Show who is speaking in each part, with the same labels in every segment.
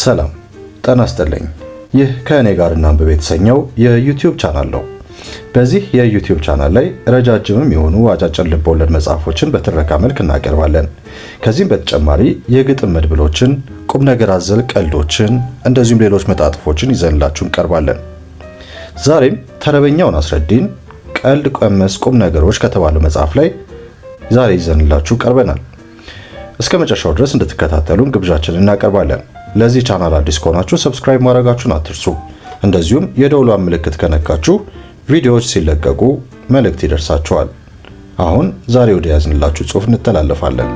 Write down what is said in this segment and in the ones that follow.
Speaker 1: ሰላም ጤና ይስጥልኝ። ይህ ከእኔ ጋር እናንብብ የተሰኘው የዩቲዩብ ቻናል ነው። በዚህ የዩቲዩብ ቻናል ላይ ረጃጅምም የሆኑ አጫጭር ልቦለድ መጽሐፎችን በትረካ መልክ እናቀርባለን። ከዚህም በተጨማሪ የግጥም መድብሎችን፣ ቁም ነገር አዘል ቀልዶችን፣ እንደዚሁም ሌሎች መጣጥፎችን ይዘንላችሁ እንቀርባለን። ዛሬም ተረበኛውን አስረዲን ቀልድ ቀመስ ቁም ነገሮች ከተባለው መጽሐፍ ላይ ዛሬ ይዘንላችሁ ቀርበናል። እስከ መጨረሻው ድረስ እንድትከታተሉን ግብዣችንን እናቀርባለን። ለዚህ ቻናል አዲስ ከሆናችሁ ሰብስክራይብ ማድረጋችሁን አትርሱ። እንደዚሁም የደውሏን ምልክት ከነካችሁ ቪዲዮዎች ሲለቀቁ መልእክት ይደርሳችኋል። አሁን ዛሬ ወደ ያዝንላችሁ ጽሑፍ እንተላለፋለን።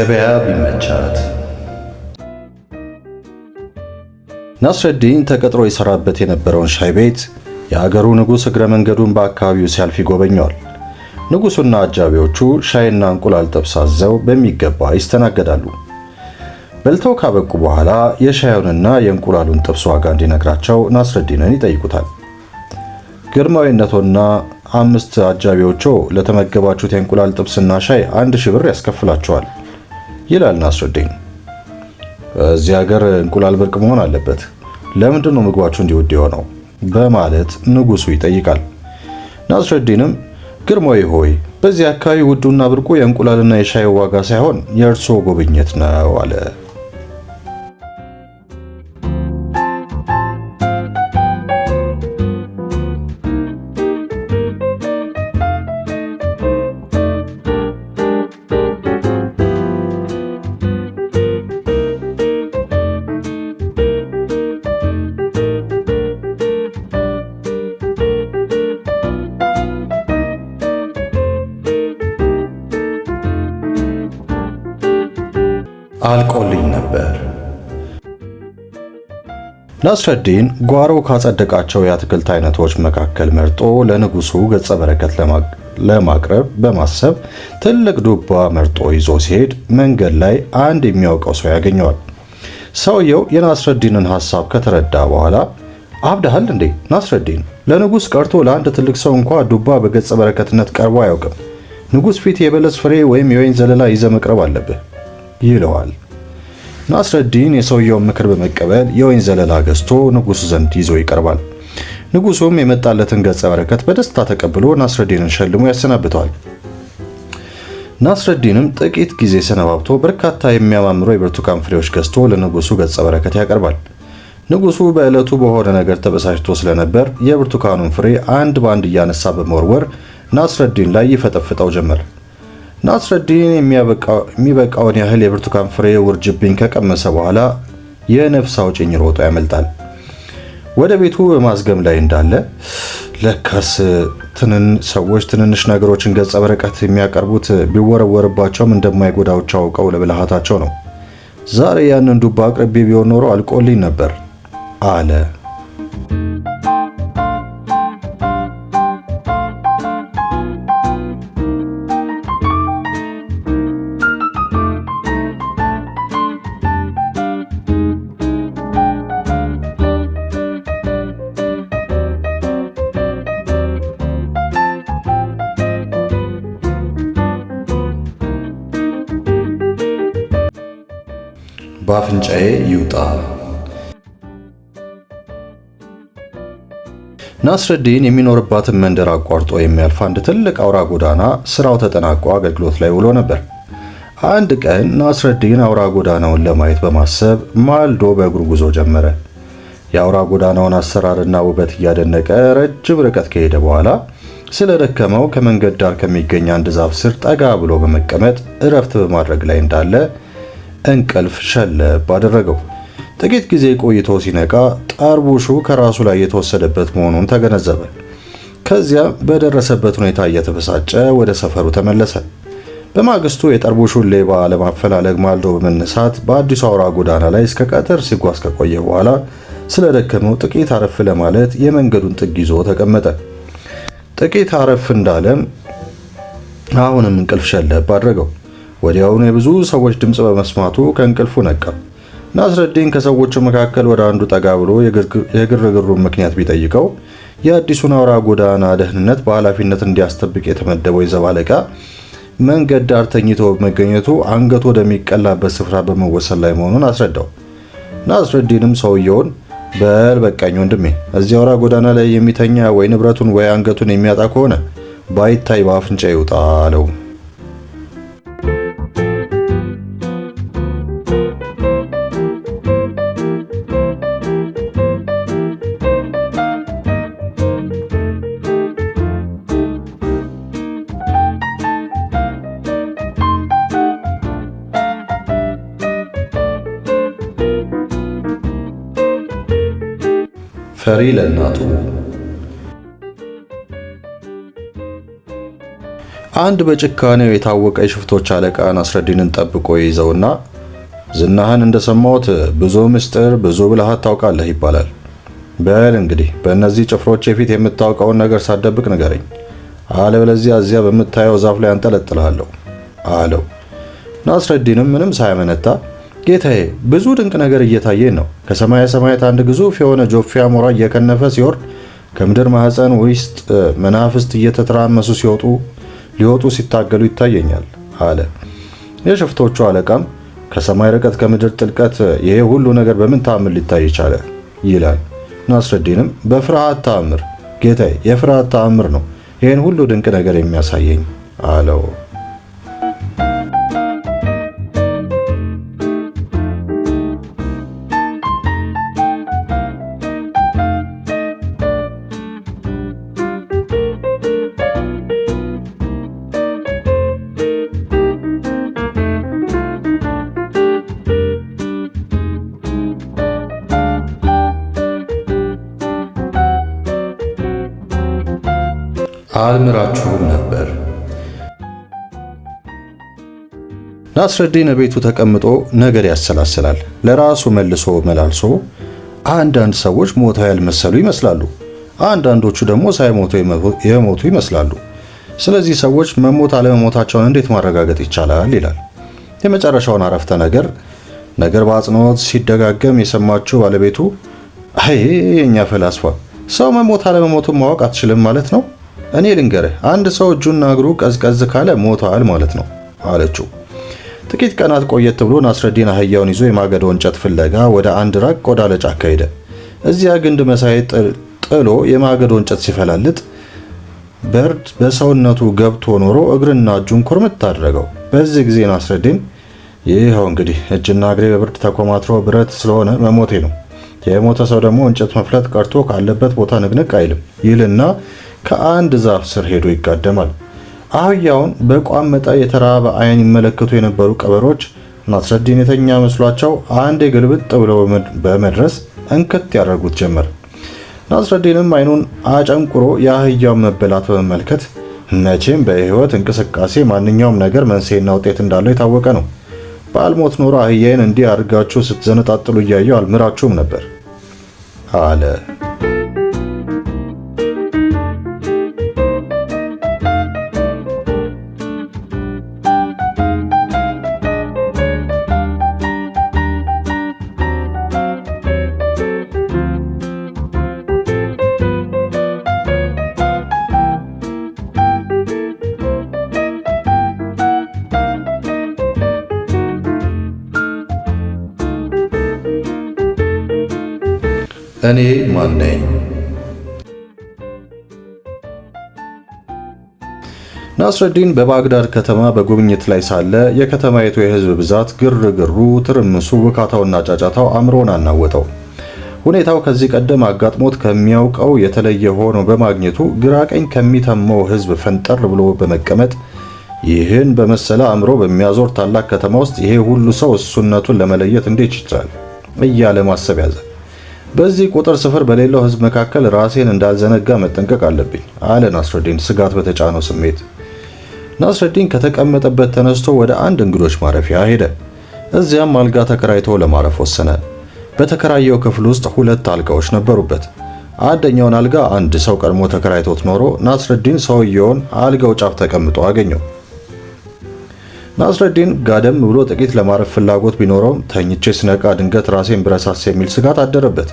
Speaker 2: ገበያ ቢመቻት። ናስረዲን ተቀጥሮ የሰራበት የነበረውን ሻይ ቤት የአገሩ ንጉሥ እግረ መንገዱን በአካባቢው ሲያልፍ ይጎበኘዋል። ንጉሡና አጃቢዎቹ ሻይና እንቁላል ጥብስ አዘው በሚገባ ይስተናገዳሉ። በልተው ካበቁ በኋላ የሻዩንና የእንቁላሉን ጥብስ ዋጋ እንዲነግራቸው ናስረዲንን ይጠይቁታል። ግርማዊነቶና አምስት አጃቢዎቹ ለተመገባችሁት የእንቁላል ጥብስና ሻይ አንድ ሺህ ብር ያስከፍላቸዋል። ይላል ናስረዲን። እዚህ ሀገር እንቁላል ብርቅ መሆን አለበት። ለምንድን ነው ምግባችሁ እንዲህ የሆነው? በማለት ንጉሱ ይጠይቃል። ናስረዲንም ግርማዊ ሆይ በዚህ አካባቢ ውዱና ብርቁ የእንቁላልና የሻይ ዋጋ ሳይሆን የእርስዎ ጉብኝት ነው አለ።
Speaker 3: አልቆልኝ ነበር። ናስረዲን ጓሮ ካጸደቃቸው የአትክልት አይነቶች መካከል መርጦ ለንጉሱ ገጸ በረከት ለማቅረብ በማሰብ ትልቅ ዱባ መርጦ ይዞ ሲሄድ መንገድ ላይ አንድ የሚያውቀው ሰው ያገኘዋል። ሰውየው የናስረዲንን ሐሳብ ከተረዳ በኋላ አብዳሃል እንዴ ናስረዲን፣ ለንጉሥ ቀርቶ ለአንድ ትልቅ ሰው እንኳ ዱባ በገጸ በረከትነት ቀርቦ አያውቅም። ንጉሥ ፊት የበለስ ፍሬ ወይም የወይን ዘለላ ይዘ መቅረብ አለብህ ይለዋል። ናስረዲን የሰውየውን ምክር በመቀበል የወይን ዘለላ ገዝቶ ንጉሱ ዘንድ ይዞ ይቀርባል። ንጉሱም የመጣለትን ገጸ በረከት በደስታ ተቀብሎ ናስረዲንን ሸልሞ ያሰናብተዋል። ናስረዲንም ጥቂት ጊዜ ሰነባብቶ በርካታ የሚያማምሩ የብርቱካን ፍሬዎች ገዝቶ ለንጉሱ ገጸ በረከት ያቀርባል። ንጉሱ በዕለቱ በሆነ ነገር ተበሳጭቶ ስለነበር የብርቱካኑን ፍሬ አንድ በአንድ እያነሳ በመወርወር ናስረዲን ላይ ይፈጠፍጠው ጀመር። ናስረዲን የሚበቃውን ያህል የብርቱካን ፍሬ ውርጅብኝ ከቀመሰ በኋላ የነፍስ አውጭኝ ሮጦ ያመልጣል። ወደ ቤቱ በማዝገም ላይ እንዳለ ለካስ ሰዎች ትንንሽ ነገሮችን ገጸ በረቀት የሚያቀርቡት ቢወረወርባቸውም እንደማይጎዳቸው አውቀው ለብልሃታቸው ነው። ዛሬ ያንን ዱባ አቅርቤ ቢሆን ኖሮ አልቆልኝ ነበር አለ።
Speaker 4: በአፍንጫዬ ይውጣ። ናስረዲን የሚኖርባትን መንደር አቋርጦ የሚያልፍ አንድ ትልቅ አውራ ጎዳና ስራው ተጠናቆ አገልግሎት ላይ ውሎ ነበር። አንድ ቀን ናስረዲን አውራ ጎዳናውን ለማየት በማሰብ ማልዶ በእግሩ ጉዞ ጀመረ። የአውራ ጎዳናውን አሰራርና ውበት እያደነቀ ረጅም ርቀት ከሄደ በኋላ ስለደከመው ከመንገድ ዳር ከሚገኝ አንድ ዛፍ ስር ጠጋ ብሎ በመቀመጥ እረፍት በማድረግ ላይ እንዳለ እንቅልፍ ሸለብ አደረገው። ጥቂት ጊዜ ቆይቶ ሲነቃ ጣርቡሹ ከራሱ ላይ የተወሰደበት መሆኑን ተገነዘበ። ከዚያ በደረሰበት ሁኔታ እየተበሳጨ ወደ ሰፈሩ ተመለሰ። በማግስቱ የጠርቡሹን ሌባ ለማፈላለግ ማልዶ በመነሳት በአዲሱ አውራ ጎዳና ላይ እስከ ቀትር ሲጓዝ ከቆየ በኋላ ስለደከመው ጥቂት አረፍ ለማለት የመንገዱን ጥግ ይዞ ተቀመጠ። ጥቂት አረፍ እንዳለም አሁንም እንቅልፍ ሸለብ አድረገው። ወዲያውኑ የብዙ ሰዎች ድምፅ በመስማቱ ከእንቅልፉ ነቃ። ናስረዲን ከሰዎቹ መካከል ወደ አንዱ ጠጋ ብሎ የግርግሩን ምክንያት ቢጠይቀው የአዲሱን አውራ ጎዳና ደህንነት በኃላፊነት እንዲያስጠብቅ የተመደበው የዘባለቃ መንገድ ዳር ተኝቶ መገኘቱ አንገቱ ወደሚቀላበት ስፍራ በመወሰድ ላይ መሆኑን አስረዳው። ናስረዲንም ሰውየውን በል በቃኝ ወንድሜ፣ እዚህ አውራ ጎዳና ላይ የሚተኛ ወይ ንብረቱን ወይ አንገቱን የሚያጣ ከሆነ ባይታይ በአፍንጫ ይውጣ አለው።
Speaker 5: ፈሪ ለእናቱ አንድ በጭካኔው የታወቀ የሽፍቶች አለቃን ናስረዲንን ጠብቆ ይዘውና ዝናህን እንደሰማሁት ብዙ ምስጢር፣ ብዙ ብልሃት ታውቃለህ ይባላል። በል እንግዲህ በእነዚህ ጭፍሮች የፊት የምታውቀውን ነገር ሳደብቅ ንገረኝ፣ አለበለዚያ እዚያ በምታየው ዛፍ ላይ አንጠለጥልሃለሁ አለው። ናስረዲንም ምንም ሳያመነታ ጌታዬ ብዙ ድንቅ ነገር እየታየን ነው። ከሰማየ ሰማያት አንድ ግዙፍ የሆነ ጆፌ አሞራ እየከነፈ ሲወርድ ከምድር ማህፀን ውስጥ መናፍስት እየተተራመሱ ሲወጡ ሊወጡ ሲታገሉ ይታየኛል አለ። የሽፍቶቹ አለቃም ከሰማይ ርቀት ከምድር ጥልቀት ይሄ ሁሉ ነገር በምን ታምር ሊታይ ይቻለ? ይላል። ናስረዲንም በፍርሃት ታምር ጌታዬ፣ የፍርሃት ታምር ነው ይህን ሁሉ ድንቅ ነገር የሚያሳየኝ አለው።
Speaker 6: አልምራችሁም ነበር። ናስረዲን ቤቱ ተቀምጦ ነገር ያሰላስላል። ለራሱ መልሶ መላልሶ አንዳንድ ሰዎች ሞተው ያልመሰሉ ይመስላሉ፣ አንዳንዶቹ ደግሞ ሳይሞቱ የሞቱ ይመስላሉ። ስለዚህ ሰዎች መሞት አለመሞታቸውን እንዴት ማረጋገጥ ይቻላል? ይላል የመጨረሻውን አረፍተ ነገር። ነገር በአጽንኦት ሲደጋገም የሰማችው ባለቤቱ አይ የእኛ ፈላስፋ ሰው መሞት አለመሞቱን ማወቅ አትችልም ማለት ነው እኔ ልንገርህ አንድ ሰው እጁና እግሩ ቀዝቀዝ ካለ ሞቷል ማለት ነው አለችው። ጥቂት ቀናት ቆየት ብሎ ናስረዲን አህያውን ይዞ የማገዶ እንጨት ፍለጋ ወደ አንድ ራቅ ወዳለ ጫካ ሄደ። እዚያ ግንድ መሳይ ጥሎ የማገዶ እንጨት ሲፈላልጥ በርድ በሰውነቱ ገብቶ ኖሮ እግርና እጁን ኩርምት አድረገው። በዚህ ጊዜ ናስረዲን ይኸው እንግዲህ እጅና እግሬ በብርድ ተኮማትሮ ብረት ስለሆነ መሞቴ ነው የሞተ ሰው ደግሞ እንጨት መፍለጥ ቀርቶ ካለበት ቦታ ንቅንቅ አይልም ይልና ከአንድ ዛፍ ስር ሄዶ ይጋደማል። አህያውን በቋም መጣ የተራበ አይን ይመለከቱ የነበሩ ቀበሮች ናስረዲን የተኛ መስሏቸው አንድ የግልብጥ ብለው በመድረስ እንክት ያደርጉት ጀመር። ናስረዲንም አይኑን አጨንቁሮ የአህያውን መበላት በመመልከት መቼም በህይወት እንቅስቃሴ ማንኛውም ነገር መንስኤና ውጤት እንዳለው የታወቀ ነው። በአልሞት ኖሮ አህያዬን እንዲህ አድርጋችሁ ስትዘነጣጥሉ እያየው አልምራችሁም ነበር አለ።
Speaker 7: እኔ ማን ነኝ? ናስረዲን በባግዳድ ከተማ በጉብኝት ላይ ሳለ የከተማይቱ የህዝብ ብዛት፣ ግርግሩ፣ ትርምሱ፣ ውካታውና ጫጫታው አእምሮን አናወጠው። ሁኔታው ከዚህ ቀደም አጋጥሞት ከሚያውቀው የተለየ ሆኖ በማግኘቱ ግራ ቀኝ ከሚተመው ህዝብ ፈንጠር ብሎ በመቀመጥ ይህን በመሰለ አእምሮ በሚያዞር ታላቅ ከተማ ውስጥ ይሄ ሁሉ ሰው እሱነቱን ለመለየት እንዴት ይችላል እያለ ማሰብ ያዘ። በዚህ ቁጥር ስፍር በሌለው ህዝብ መካከል ራሴን እንዳልዘነጋ መጠንቀቅ አለብኝ አለ ናስረዲን ስጋት በተጫነው ስሜት። ናስረዲን ከተቀመጠበት ተነስቶ ወደ አንድ እንግዶች ማረፊያ ሄደ። እዚያም አልጋ ተከራይቶ ለማረፍ ወሰነ። በተከራየው ክፍል ውስጥ ሁለት አልጋዎች ነበሩበት። አንደኛውን አልጋ አንድ ሰው ቀድሞ ተከራይቶት ኖሮ ናስረዲን ሰውየውን አልጋው ጫፍ ተቀምጦ አገኘው። ናስረዲን ጋደም ብሎ ጥቂት ለማረፍ ፍላጎት ቢኖረውም ተኝቼ ስነቃ ድንገት ራሴን ብረሳስ የሚል ስጋት አደረበት።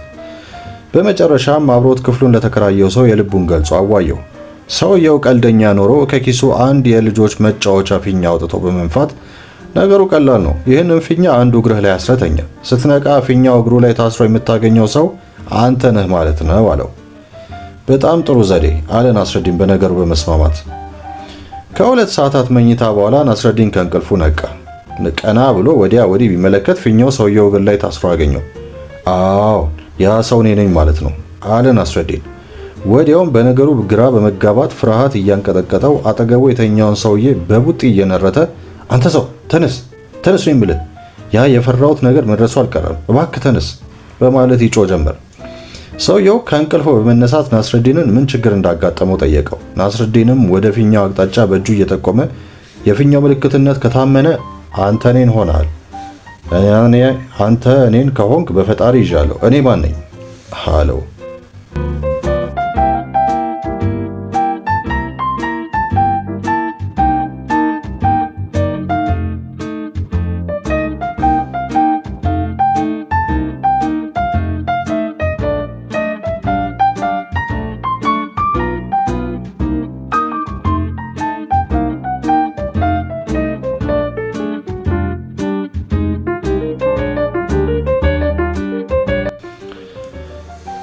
Speaker 7: በመጨረሻም አብሮት ክፍሉን ለተከራየው ሰው የልቡን ገልጾ አዋየው። ሰውየው ቀልደኛ ኖሮ ከኪሱ አንድ የልጆች መጫወቻ ፊኛ አውጥቶ በመንፋት ነገሩ ቀላል ነው፣ ይህንን ፊኛ አንዱ እግርህ ላይ አስረተኛ ስትነቃ ፊኛው እግሩ ላይ ታስሮ የምታገኘው ሰው አንተ ነህ ማለት ነው አለው። በጣም ጥሩ ዘዴ አለ ናስረዲን በነገሩ በመስማማት ከሁለት ሰዓታት መኝታ በኋላ ናስረዲን ከእንቅልፉ ነቃ። ቀና ብሎ ወዲያ ወዲህ ቢመለከት ፊኛው ሰውየው እግር ላይ ታስሮ አገኘው። አዎ ያ ሰው እኔ ነኝ ማለት ነው አለ ናስረዲን። ወዲያውም በነገሩ ግራ በመጋባት ፍርሃት እያንቀጠቀጠው አጠገቡ የተኛውን ሰውዬ በቡጢ እየነረተ አንተ ሰው ተነስ ተነስ ነው የምልህ ያ የፈራሁት ነገር መድረሱ አልቀረም እባክህ ተነስ በማለት ይጮህ ጀመር። ሰውየው ከእንቅልፎ በመነሳት ናስረዲንን ምን ችግር እንዳጋጠመው ጠየቀው። ናስረዲንም ወደ ፊኛው አቅጣጫ በእጁ እየጠቆመ የፊኛው ምልክትነት ከታመነ አንተ እኔን ሆናል። አንተ እኔን ከሆንክ በፈጣሪ ይዣለሁ። እኔ ማን ነኝ አለው።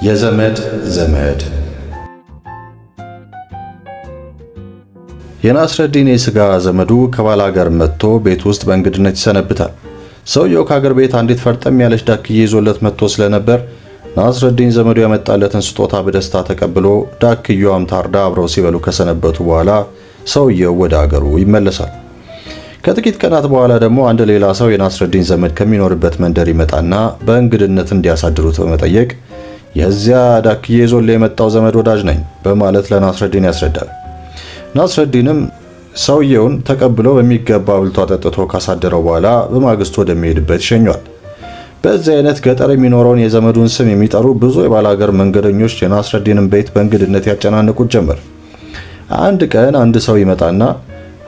Speaker 8: የዘመድ ዘመድ የናስረዲን የስጋ ዘመዱ ከባላጋር መጥቶ ቤት ውስጥ በእንግድነት ይሰነብታል። ሰውየው ከአገር ቤት አንዲት ፈርጠም ያለች ዳክዬ ይዞለት መጥቶ ስለነበር ናስረዲን ዘመዱ ያመጣለትን ስጦታ በደስታ ተቀብሎ ዳክየዋም ታርዳ አብረው ሲበሉ ከሰነበቱ በኋላ ሰውየው ወደ አገሩ ይመለሳል። ከጥቂት ቀናት በኋላ ደግሞ አንድ ሌላ ሰው የናስረዲን ዘመድ ከሚኖርበት መንደር ይመጣና በእንግድነት እንዲያሳድሩት በመጠየቅ የዚያ ዳክዬ ዞሌ የመጣው ዘመድ ወዳጅ ነኝ በማለት ለናስረዲን ያስረዳል። ናስረዲንም ሰውየውን ተቀብሎ በሚገባ አብልቶ አጠጥቶ ካሳደረው በኋላ በማግስቱ ወደሚሄድበት ይሸኘዋል። በዚህ አይነት ገጠር የሚኖረውን የዘመዱን ስም የሚጠሩ ብዙ የባላገር መንገደኞች የናስረዲንን ቤት በእንግድነት ያጨናንቁት ጀመር። አንድ ቀን አንድ ሰው ይመጣና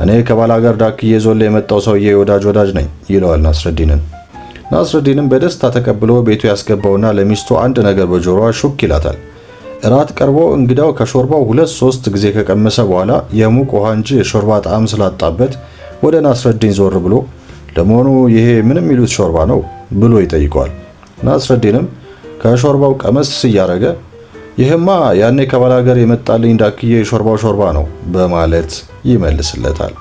Speaker 8: እኔ ከባላገር ዳክዬ ዞሌ የመጣው ሰውዬ ወዳጅ ወዳጅ ነኝ ይለዋል ናስረዲንን ናስረዲንም በደስታ ተቀብሎ ቤቱ ያስገባውና ለሚስቱ አንድ ነገር በጆሮዋ ሹክ ይላታል። እራት ቀርቦ እንግዳው ከሾርባው ሁለት ሶስት ጊዜ ከቀመሰ በኋላ የሙቅ ውሃ እንጂ የሾርባ ጣዕም ስላጣበት ወደ ናስረዲን ዞር ብሎ ለመሆኑ ይሄ ምን የሚሉት ሾርባ ነው ብሎ ይጠይቀዋል። ናስረዲንም ከሾርባው ቀመስ እያደረገ ይህማ ያኔ ከባላገር የመጣልኝ ዳክዬ የሾርባው ሾርባ ነው በማለት ይመልስለታል።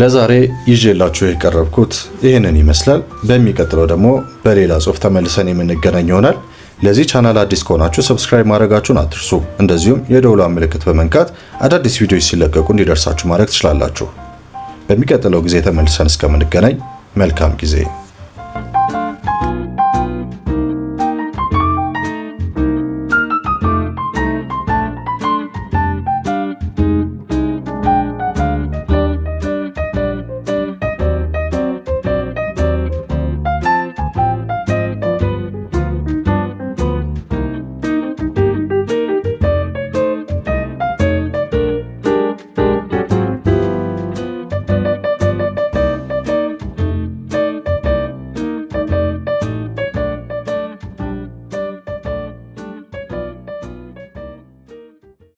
Speaker 9: ለዛሬ ይዤላችሁ የቀረብኩት ይህንን ይመስላል። በሚቀጥለው ደግሞ በሌላ ጽሁፍ ተመልሰን የምንገናኝ ይሆናል። ለዚህ ቻናል አዲስ ከሆናችሁ ሰብስክራይብ ማድረጋችሁን አትርሱ። እንደዚሁም የደውሏን ምልክት በመንካት አዳዲስ ቪዲዮዎች ሲለቀቁ እንዲደርሳችሁ ማድረግ ትችላላችሁ። በሚቀጥለው ጊዜ ተመልሰን እስከምንገናኝ መልካም ጊዜ